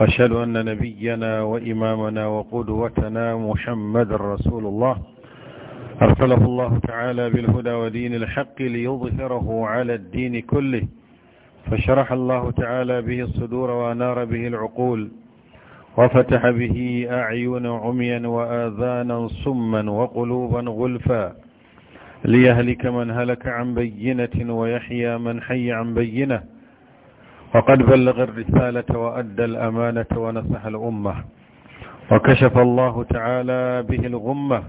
وأشهد أن نبينا وإمامنا وقدوتنا محمد رسول الله أرسله الله تعالى بالهدى ودين الحق ليظهره على الدين كله فشرح الله تعالى به الصدور وأنار به العقول وفتح به أعين عميا وآذانا صما وقلوبا غلفا ليهلك من هلك عن بينة ويحيى من حي عن بينه وقد بلغ الرسالة وأدى الأمانة ونصح الأمة وكشف الله تعالى به الغمة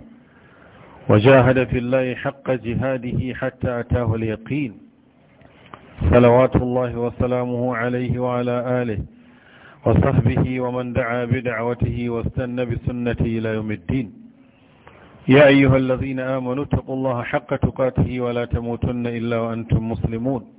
وجاهد في الله حق جهاده حتى أتاه اليقين صلوات الله وسلامه عليه وعلى آله وصحبه ومن دعا بدعوته واستنى بسنته إلى يوم الدين يا أيها الذين آمنوا اتقوا الله حق تقاته ولا تموتن إلا وأنتم مسلمون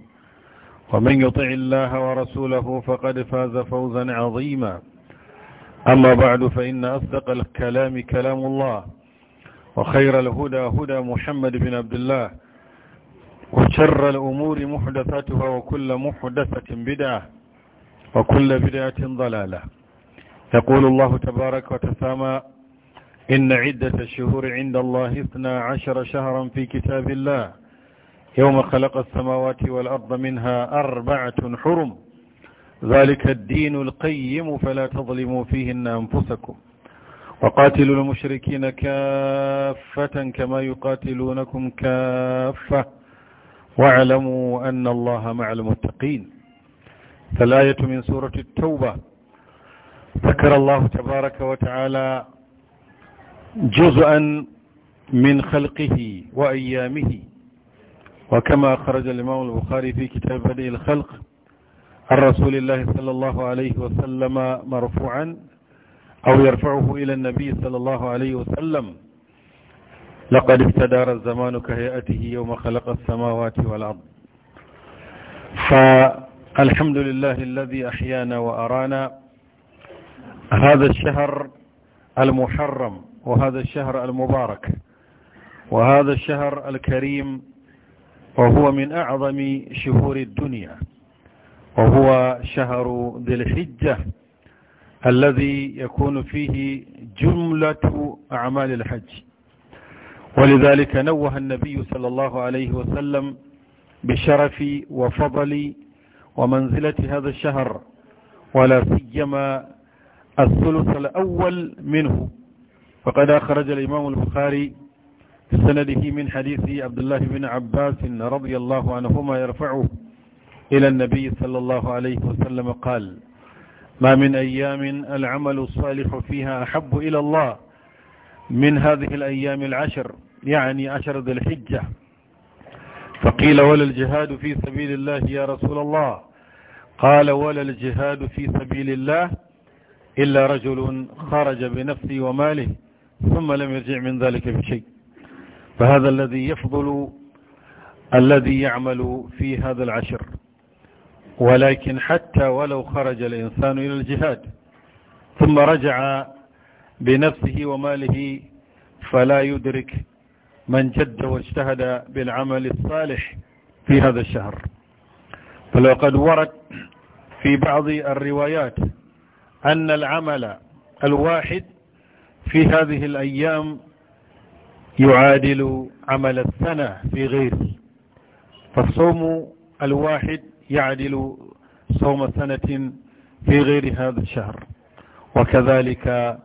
ومن يطع الله ورسوله فقد فاز فوزا عظيما أما بعد فإن أصدق الكلام كلام الله وخير الهدى هدى محمد بن عبد الله وشر الأمور محدثاتها وكل محدثة بدعة وكل بدعة ضلالة يقول الله تبارك وتسامى إن عدة الشهور عند الله اثنا عشر شهرا في كتاب الله يوم خلق السماوات والأرض منها أربعة حرم ذلك الدين القيم فلا تظلموا فيهن أنفسكم وقاتلوا المشركين كافة كما يقاتلونكم كافة واعلموا أن الله مع المتقين فالآية من سورة التوبة ذكر الله تبارك وتعالى جزءا من خلقه وأيامه وكما أخرج الإمام البخاري في كتاب بدء الخلق عن رسول الله صلى الله عليه وسلم مرفوعا أو يرفعه إلى النبي صلى الله عليه وسلم لقد استدار الزمان كهيئته يوم خلق السماوات والأرض فالحمد لله الذي أحيانا وأرانا هذا الشهر المحرم وهذا الشهر المبارك وهذا الشهر الكريم وهو من أعظم شهور الدنيا وهو شهر ذي الحجة الذي يكون فيه جملة أعمال الحج ولذلك نوه النبي صلى الله عليه وسلم بشرف وفضل ومنزلة هذا الشهر ولا سيما الثلث الأول منه فقد أخرج الإمام البخاري سنده من حديث عبد الله بن عباس رضي الله عنهما يرفعه إلى النبي صلى الله عليه وسلم قال ما من أيام العمل الصالح فيها أحب إلى الله من هذه الأيام العشر يعني عشر ذي الحجة فقيل ولا الجهاد في سبيل الله يا رسول الله قال ولا الجهاد في سبيل الله إلا رجل خرج بنفسه وماله ثم لم يرجع من ذلك بشيء فهذا الذي يفضل الذي يعمل في هذا العشر ولكن حتى ولو خرج الإنسان إلى الجهاد ثم رجع بنفسه وماله فلا يدرك من جد واجتهد بالعمل الصالح في هذا الشهر فلقد ورد في بعض الروايات أن العمل الواحد في هذه الأيام يعادل عمل السنة في غيره فالصوم الواحد يعدل صوم سنة في غير هذا الشهر وكذلك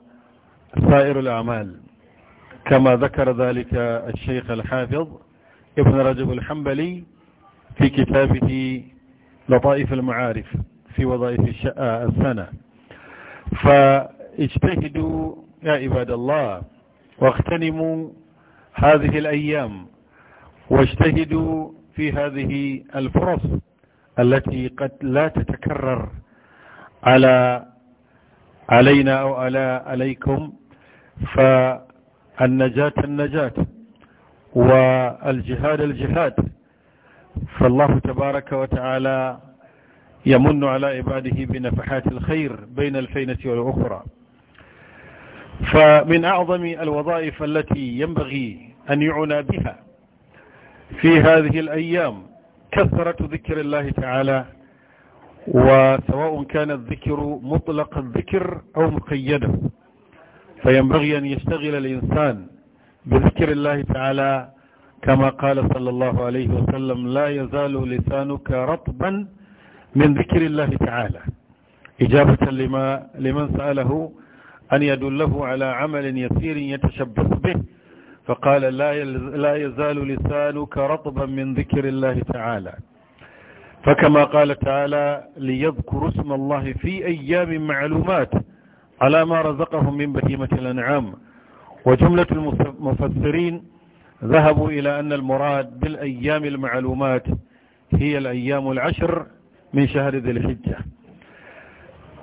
سائر الأعمال كما ذكر ذلك الشيخ الحافظ ابن رجب الحنبلي في كتابه لطائف المعارف في وظائف السنة فاجتهدوا يا عباد الله واغتنموا هذه الأيام واجتهدوا في هذه الفرص التي قد لا تتكرر على علينا أو على عليكم فالنجاة النجاة والجهاد الجهاد فالله تبارك وتعالى يمن على عباده بنفحات الخير بين الفينة والأخرى فمن أعظم الوظائف التي ينبغي أن يعنى بها في هذه الأيام كثرة ذكر الله تعالى وسواء كان الذكر مطلق الذكر أو مقيده فينبغي أن يشتغل الإنسان بذكر الله تعالى كما قال صلى الله عليه وسلم لا يزال لسانك رطبا من ذكر الله تعالى إجابة لما لمن سأله أن يدله على عمل يسير يتشبث به فقال لا يزال لسانك رطبا من ذكر الله تعالى فكما قال تعالى ليذكر اسم الله في أيام معلومات على ما رزقهم من بهيمة الأنعام وجملة المفسرين ذهبوا إلى أن المراد بالأيام المعلومات هي الأيام العشر من شهر ذي الحجة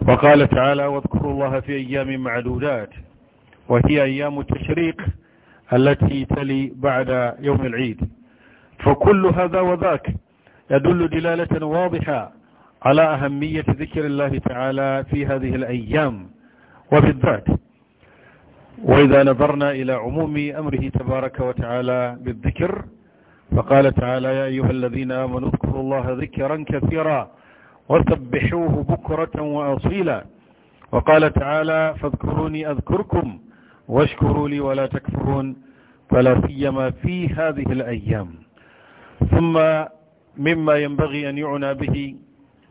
وقال تعالى واذكروا الله في أيام معدودات وهي أيام التشريق التي تلي بعد يوم العيد فكل هذا وذاك يدل دلالة واضحة على أهمية ذكر الله تعالى في هذه الأيام وبالذات وإذا نظرنا إلى عموم أمره تبارك وتعالى بالذكر فقال تعالى يا أيها الذين آمنوا اذكروا الله ذكرا كثيرا وسبحوه بكرة وأصيلا وقال تعالى فاذكروني أذكركم واشكروا لي ولا تكفرون فلا سيما في هذه الأيام ثم مما ينبغي أن يعنى به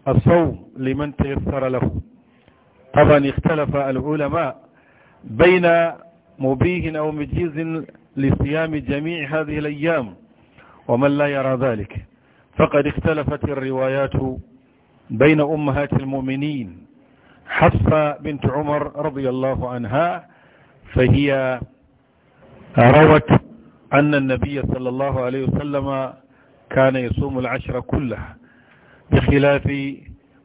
الصوم لمن تيسر له طبعا اختلف العلماء بين مبيه أو مجيز لصيام جميع هذه الأيام ومن لا يرى ذلك فقد اختلفت الروايات بين أمهات المؤمنين حفصة بنت عمر رضي الله عنها فهي روت أن النبي صلى الله عليه وسلم كان يصوم العشر كلها بخلاف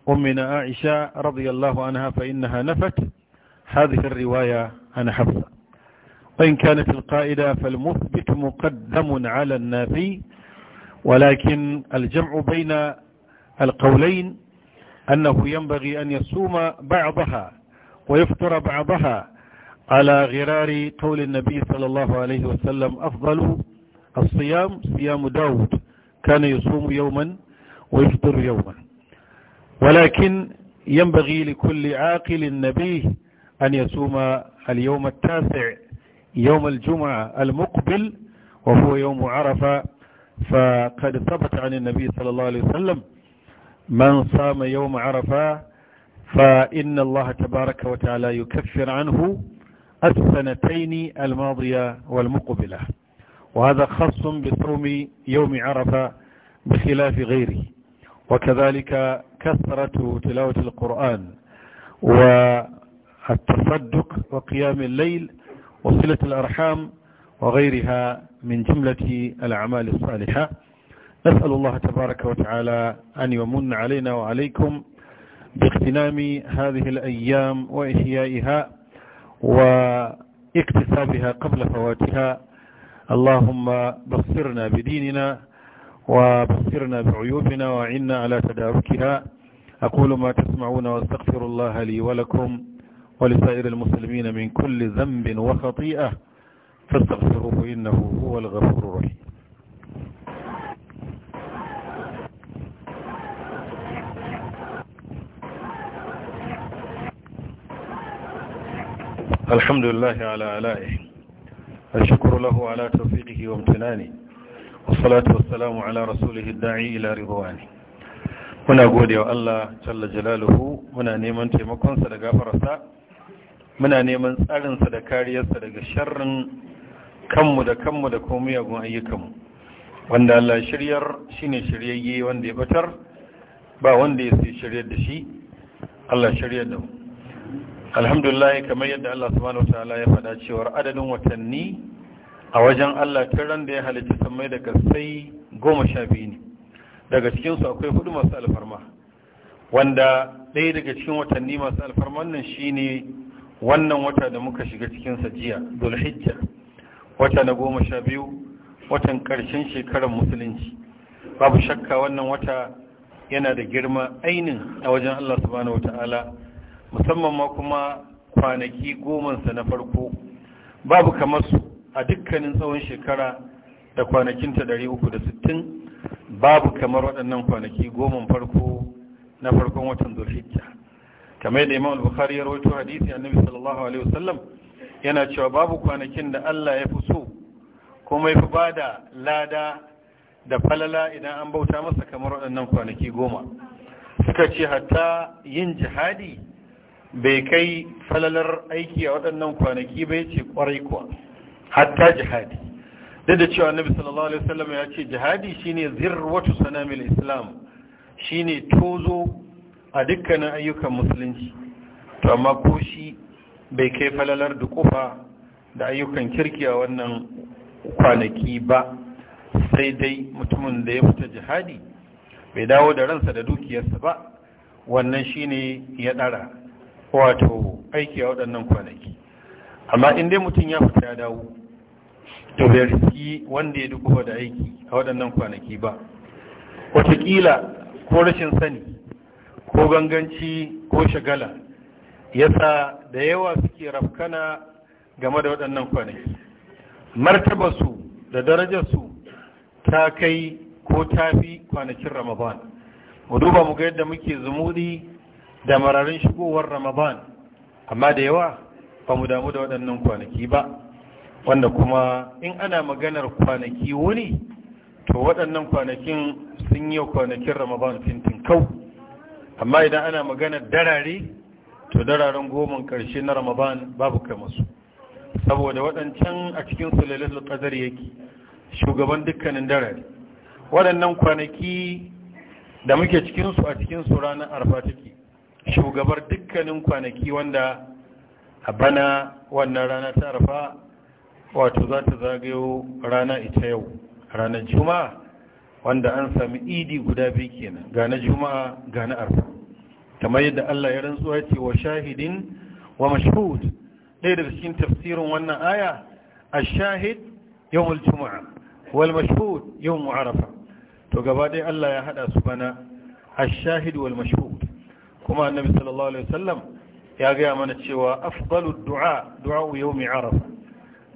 أمنا عائشة رضي الله عنها فإنها نفت هذه الرواية عن حفصة وإن كانت القائدة فالمثبت مقدم على النافي ولكن الجمع بين القولين أنه ينبغي أن يصوم بعضها ويفطر بعضها على غرار قول النبي صلى الله عليه وسلم أفضل الصيام صيام داود كان يصوم يوما ويفطر يوما ولكن ينبغي لكل عاقل نبيه أن يصوم اليوم التاسع يوم الجمعة المقبل وهو يوم عرفة فقد ثبت عن النبي صلى الله عليه وسلم من صام يوم عرفة فإن الله تبارك وتعالى يكفر عنه السنتين الماضية والمقبلة وهذا خاص بصوم يوم عرفة بخلاف غيره وكذلك كثرة تلاوة القرآن والتصدق وقيام الليل وصلة الأرحام وغيرها من جملة الأعمال الصالحة نسأل الله تبارك وتعالى أن يمن علينا وعليكم باغتنام هذه الأيام وإحيائها واكتسابها قبل فواتها اللهم بصرنا بديننا وبصرنا بعيوبنا وعنا على تداركها أقول ما تسمعون واستغفر الله لي ولكم ولسائر المسلمين من كل ذنب وخطيئة فاستغفروه إنه هو الغفور الرحيم الحمد لله على آلائه الشكر له على توفيقه وامتنانه والصلاة والسلام على رسوله الداعي إلى رضوانه muna gode wa Allah jalla jalaluhu muna neman taimakonsa da gafararsa muna neman tsarin sa da kariyarsa daga sharrin kanmu da kanmu da kuma miyagun ayyukanmu wanda Allah shiryar shine shiryayye wanda ya batar ba wanda ya sai shiryar da shi Allah shiryar da mu alhamdulillah kamar yadda Allah subhanahu wataala ya faɗa cewa adadin watanni a wajen Allah tun ran da ya halitta samai da kasai goma sha biyu ne daga cikinsu akwai hudu masu alfarma wanda ɗaya daga cikin watanni masu alfarma nan shine wannan wata da muka shiga cikinsa jiya dulhijja wata na goma sha biyu watan ƙarshen shekarar musulunci babu shakka wannan wata yana da girma ainin a wajen Allah subhanahu wataala musamman ma kuma kwanaki gomansa na farko babu kamar su a dukkanin tsawon shekara da kwanakinta 360 babu kamar waɗannan kwanaki goman farko na farkon watan zulhijja kamar da imam al-bukhari ya rawaito hadisi annabi sallallahu alaihi wasallam yana cewa babu kwanakin da Allah ya fi so kuma ya fi bada lada da falala idan an bauta masa kamar waɗannan kwanaki goma suka ce hatta yin jihadi bai kai falalar aiki a waɗannan kwanaki bai ce kwarai kuwa hatta jihadi duk da cewa nabi sallallahu alaihi wasallam ya ce jihadi shine zirwatu sanamil islam shine tozo a dukkanin ayyukan musulunci to amma ko shi bai kai falalar dukufa da ayyukan kirki a wannan kwanaki ba sai dai mutumin da ya fita jihadi bai dawo da ransa da dukiyarsa ba wannan shine ya ɗara. wato aiki a waɗannan kwanaki amma in dai mutum ya fita ya dawo to bai riski wanda ya dukufa da aiki a waɗannan kwanaki ba wataƙila ko rashin sani ko ganganci ko shagala yasa da yawa suke rafkana game da waɗannan kwanaki martabarsu da darajarsu ta kai ko ta fi kwanakin ramadan mu duba mu ga yadda muke zumuri da mararin shigowar ramadan amma da yawa ba mu damu da waɗannan kwanaki ba wanda kuma in ana maganar kwanaki wuni to waɗannan kwanakin sun yi kwanakin ramadan fintin kau amma idan ana maganar darare to dararen goma ƙarshe na ramadan babu kai masu, saboda waɗancan a cikin sulalin qadar yake shugaban dukkanin darare waɗannan kwanaki da muke cikinsu a cikinsu ranar arfa take shugabar dukkanin kwanaki wanda a bana wannan rana ta arfa wato za ta zagayo rana ita yau ranar juma'a wanda an sami idi guda biyu kenan ga na juma'a ga na arfa kamar yadda Allah ya rantsuwa ce wa shahidin wa mashhud ɗaya daga cikin tafsirin wannan aya a shahid yawmul juma'a wal mashhud yawm arafa to gaba dai Allah ya haɗa su bana a shahid wal mashhud kuma annabi sallallahu alaihi wasallam ya gaya mana cewa afdalu du'a du'a yawmi arafa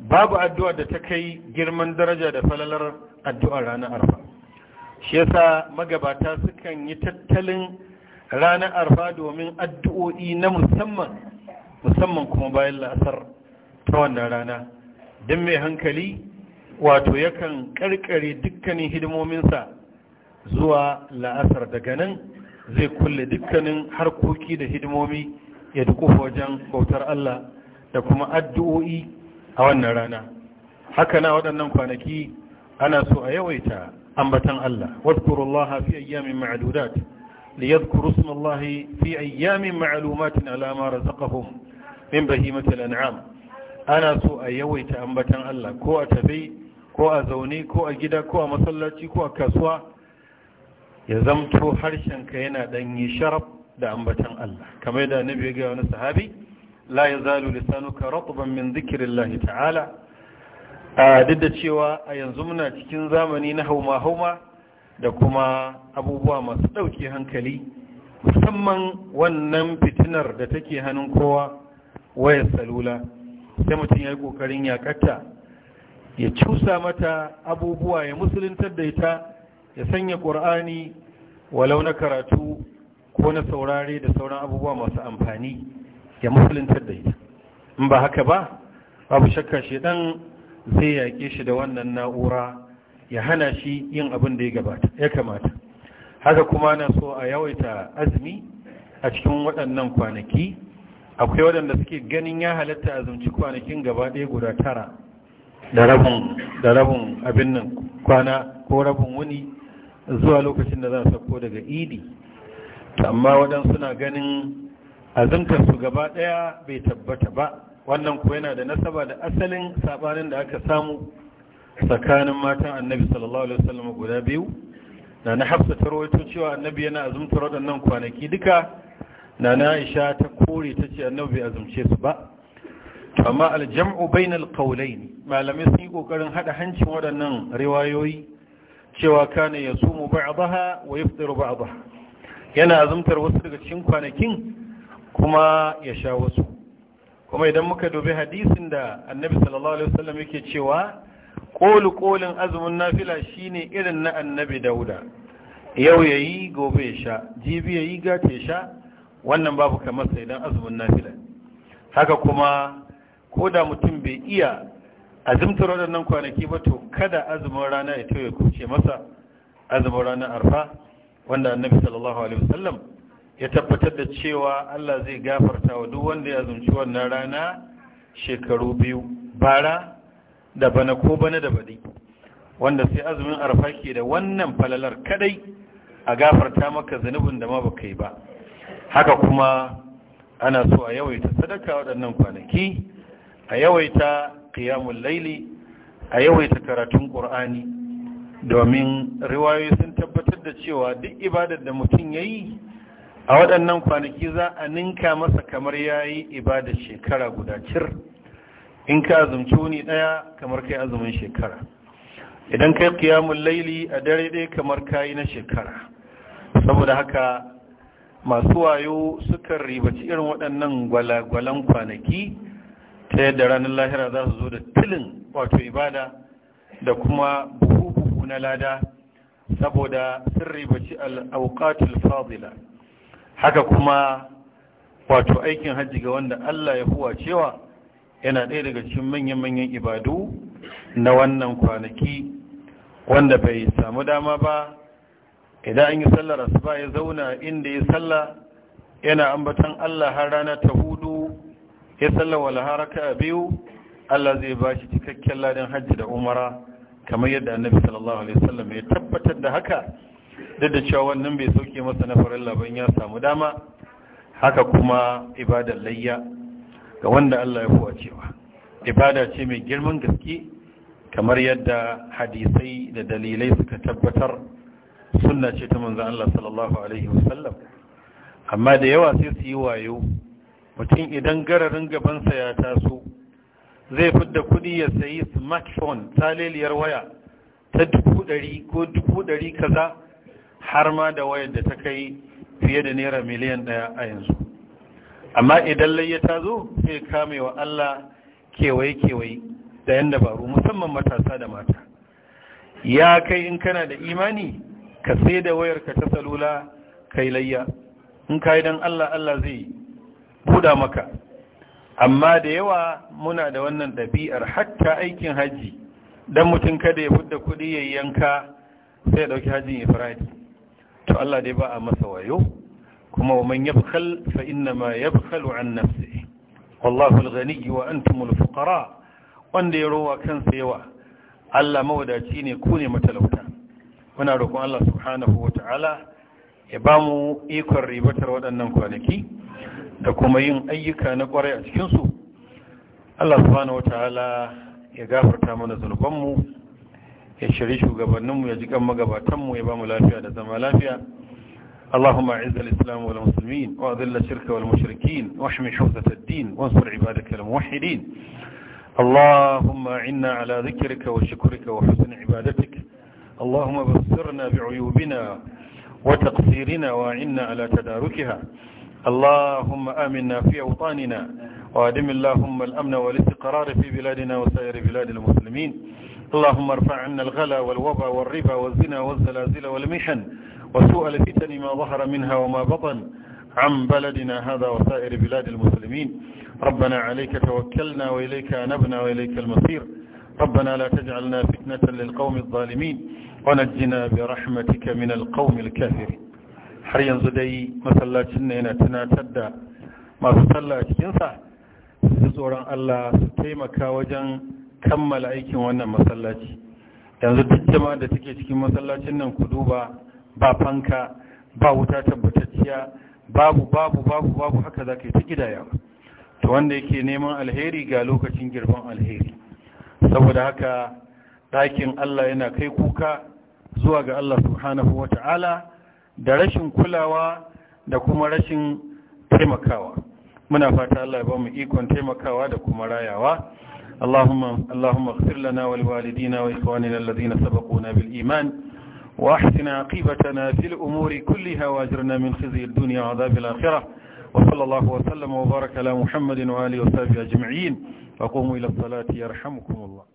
babu addu'a da ta kai girman daraja da falalar addu'a ranar arfa shi yasa magabata sukan yi tattalin ranar arfa domin addu'o'i na musamman musamman kuma bayan la'asar ta wannan rana don mai hankali wato yakan karkare dukkanin hidimominsa zuwa la'asar daga nan zai kulle dukkanin harkoki da hidimomi ya dukufa wajen bautar Allah da kuma addu'o'i a wannan rana haka na waɗannan kwanaki ana so a yawaita ambatan Allah wadkurullaha fi ayyamin ma'dudat liyadhkuru ismallahi fi ayyamin ma'lumatin ala ma min bahimatil an'am ana so a yawaita ambatan Allah ko a tafi ko a zaune ko a gida ko a masallaci ko a kasuwa ya zamto harshenka yana yi sharaf da ambatan Allah kamar da nabi ya ga wani sahabi la yazalu lisanuka ratban min dhikrillahi ta'ala a duk da cewa a yanzu muna cikin zamani na hauma hauma da kuma abubuwa masu ɗauke hankali musamman wannan fitinar da take hannun kowa waya salula sai mutum ya yi ƙoƙarin katta ya cusa mata abubuwa ya musuluntar da ita ya sanya ƙur'ani wa launa karatu ko na saurare da sauran abubuwa masu amfani ya musuluntar da ita in ba haka ba abu shakka shi ɗan zai yaƙe shi da wannan na'ura ya hana shi yin abin da ya kamata haka kuma na so a yawaita azumi a cikin waɗannan kwanaki akwai waɗanda suke ganin ya halatta azumci kwanakin gaba ɗaya guda tara da rabin abin nan kwana ko rabin wuni zuwa lokacin da za a sauko daga idi amma waɗansu suna ganin azumtar su gaba ɗaya bai tabbata ba wannan ku yana da nasaba da asalin sabanin da aka samu tsakanin matan annabi sallallahu alaihi wasallam guda biyu na na hafsa ta cewa annabi yana azumtar waɗannan kwanaki duka na na aisha ta kore ta ce annabi bai azumce su ba amma aljam'u bainal qawlain malamai sun yi kokarin hada hancin waɗannan riwayoyi cewa kana ya sumu ba'daha wa yafṭiru ba'daha yana azumtar wasu daga cikin kwanakin kuma ya sha wasu kuma idan muka dubi hadisin da annabi sallallahu alaihi wasallam yake cewa qulu qulin azumin nafila shine irin na annabi dauda yau yayi gobe ya sha jibi yayi gata ya sha wannan babu kamar sa idan azumin nafila haka kuma ko da mutum bai iya A azumtar waɗannan kwanaki ba to kada azumin rana ya ya kuce masa azumin ranar arfa wanda annabi sallallahu alaihi wasallam ya tabbatar da cewa Allah zai gafarta wa duk wanda ya azumci wannan rana shekaru biyu bara da bana ko bana da baɗi wanda sai azumin arfa ke da wannan falalar kadai a gafarta maka zanubin da ma baka yi ba haka kuma ana so a yawaita sadaka waɗannan kwanaki a yawaita Kiyamun laili a yawaita karatun ƙur'ani domin riwayoyi sun tabbatar da cewa duk ibadar da mutum ya yi a waɗannan kwanaki za a ninka masa kamar ya yi ibadar shekara guda cir in ka azumci wuni ɗaya kamar kai azumin shekara idan kai kiyamun laili a dare ɗaya kamar ka yi na shekara saboda haka masu wayo sukan ribaci irin waɗannan gwalagwalan kwanaki ta yadda ranar lahira za su zo da tilin wato ibada da kuma buhu buhu na lada saboda sirri baci al’aukatul fadila haka kuma wato aikin hajji ga wanda Allah ya huwa cewa yana ɗaya daga cikin manyan-manyan ibadu na wannan kwanaki wanda bai samu dama ba idan an yi sallar asuba ya zauna inda ya salla yana ambatan Allah har rana ta hudu ya sallawa laharaka biyu Allah zai ba shi cikakken ladin hajji da umara kamar yadda annabi sallallahu alaihi wasallam ya tabbatar da haka duk da cewa wannan bai sauke masa na farin laban ya samu dama haka kuma ibadar layya ga wanda Allah ya kowa cewa ibada ce mai girman gaske kamar yadda hadisai da dalilai suka tabbatar sunna ce ta manzo Allah sallallahu alaihi wasallam amma da yawa sai su yi wayo mutum idan gararin gabansa ya taso zai fidda kuɗi ya sayi smartphone taliliyar waya ta dubu ɗari ko dubu ɗari kaza har ma da wayar da ta kai fiye da naira miliyan ɗaya a yanzu amma idan layya ta zo sai kame wa Allah kewaye-kewaye da yan dabaru musamman matasa da mata ya kai in kana da imani ka sai da wayarka ta salula kai layya in ka yi don Allah Allah zai yi buɗa maka amma da yawa muna da wannan ɗabi'ar hatta aikin haji don mutum kada ya fudda kuɗi ya yanka sai ya ɗauki hajjin Ibrahim. to Allah dai ba a masa wayo kuma wa man yabkhal fa inna ma yabkhalu an nafsi wallahu al-ghani wa antum fuqara wanda ya rowa kansa yawa Allah mawadaci ne ku ne matalauta muna roƙon Allah subhanahu wa ta'ala ya ba mu ikon ribatar waɗannan kwanaki da kuma yin ayyuka na kwarai a cikinsu Allah subhanahu wataala ya gafarta mana zunubanmu ya shiri shugabanninmu ya jikan magabatanmu ya ba mu lafiya da zama lafiya اللهم اعز الإسلام والمسلمين وأذل الشرك والمشركين واحمي حوزة الدين وانصر عبادك الموحدين اللهم عنا على ذكرك وشكرك وحسن عبادتك اللهم بصرنا بعيوبنا وتقصيرنا وعنا على تداركها اللهم آمنا في أوطاننا وأدم اللهم الأمن والاستقرار في بلادنا وسائر بلاد المسلمين اللهم ارفع عنا الغلا والوبا والربا والزنا والزلازل والمحن وسوء الفتن ما ظهر منها وما بطن عن بلدنا هذا وسائر بلاد المسلمين ربنا عليك توكلنا وإليك أنبنا وإليك المصير ربنا لا تجعلنا فتنة للقوم الظالمين ونجنا برحمتك من القوم الكافرين har yanzu dai masallacin na yana tunatar da masu sallah a cikinsa su tsoron Allah su taimaka wajen kammala aikin wannan masallaci yanzu duk jama'a da take cikin masallacin nan ku duba ba fanka ba wuta tabbatacciya babu babu babu babu haka za ka yi ta gidaya to wanda yake neman alheri ga lokacin girban alheri saboda haka ɗakin Allah yana kai kuka zuwa ga Allah subhanahu wa ta'ala da rashin kulawa da kuma rashin taimakawa muna fata Allah ya ba mu ikon taimakawa da kuma rayawa اللهم اللهم اغفر لنا ولوالدينا واخواننا الذين سبقونا بالايمان واحسن عاقبتنا في الامور كلها واجرنا من خزي الدنيا وعذاب الاخره وصلى الله وسلم وبارك على محمد واله وصحبه اجمعين وقوموا الى الصلاه يرحمكم الله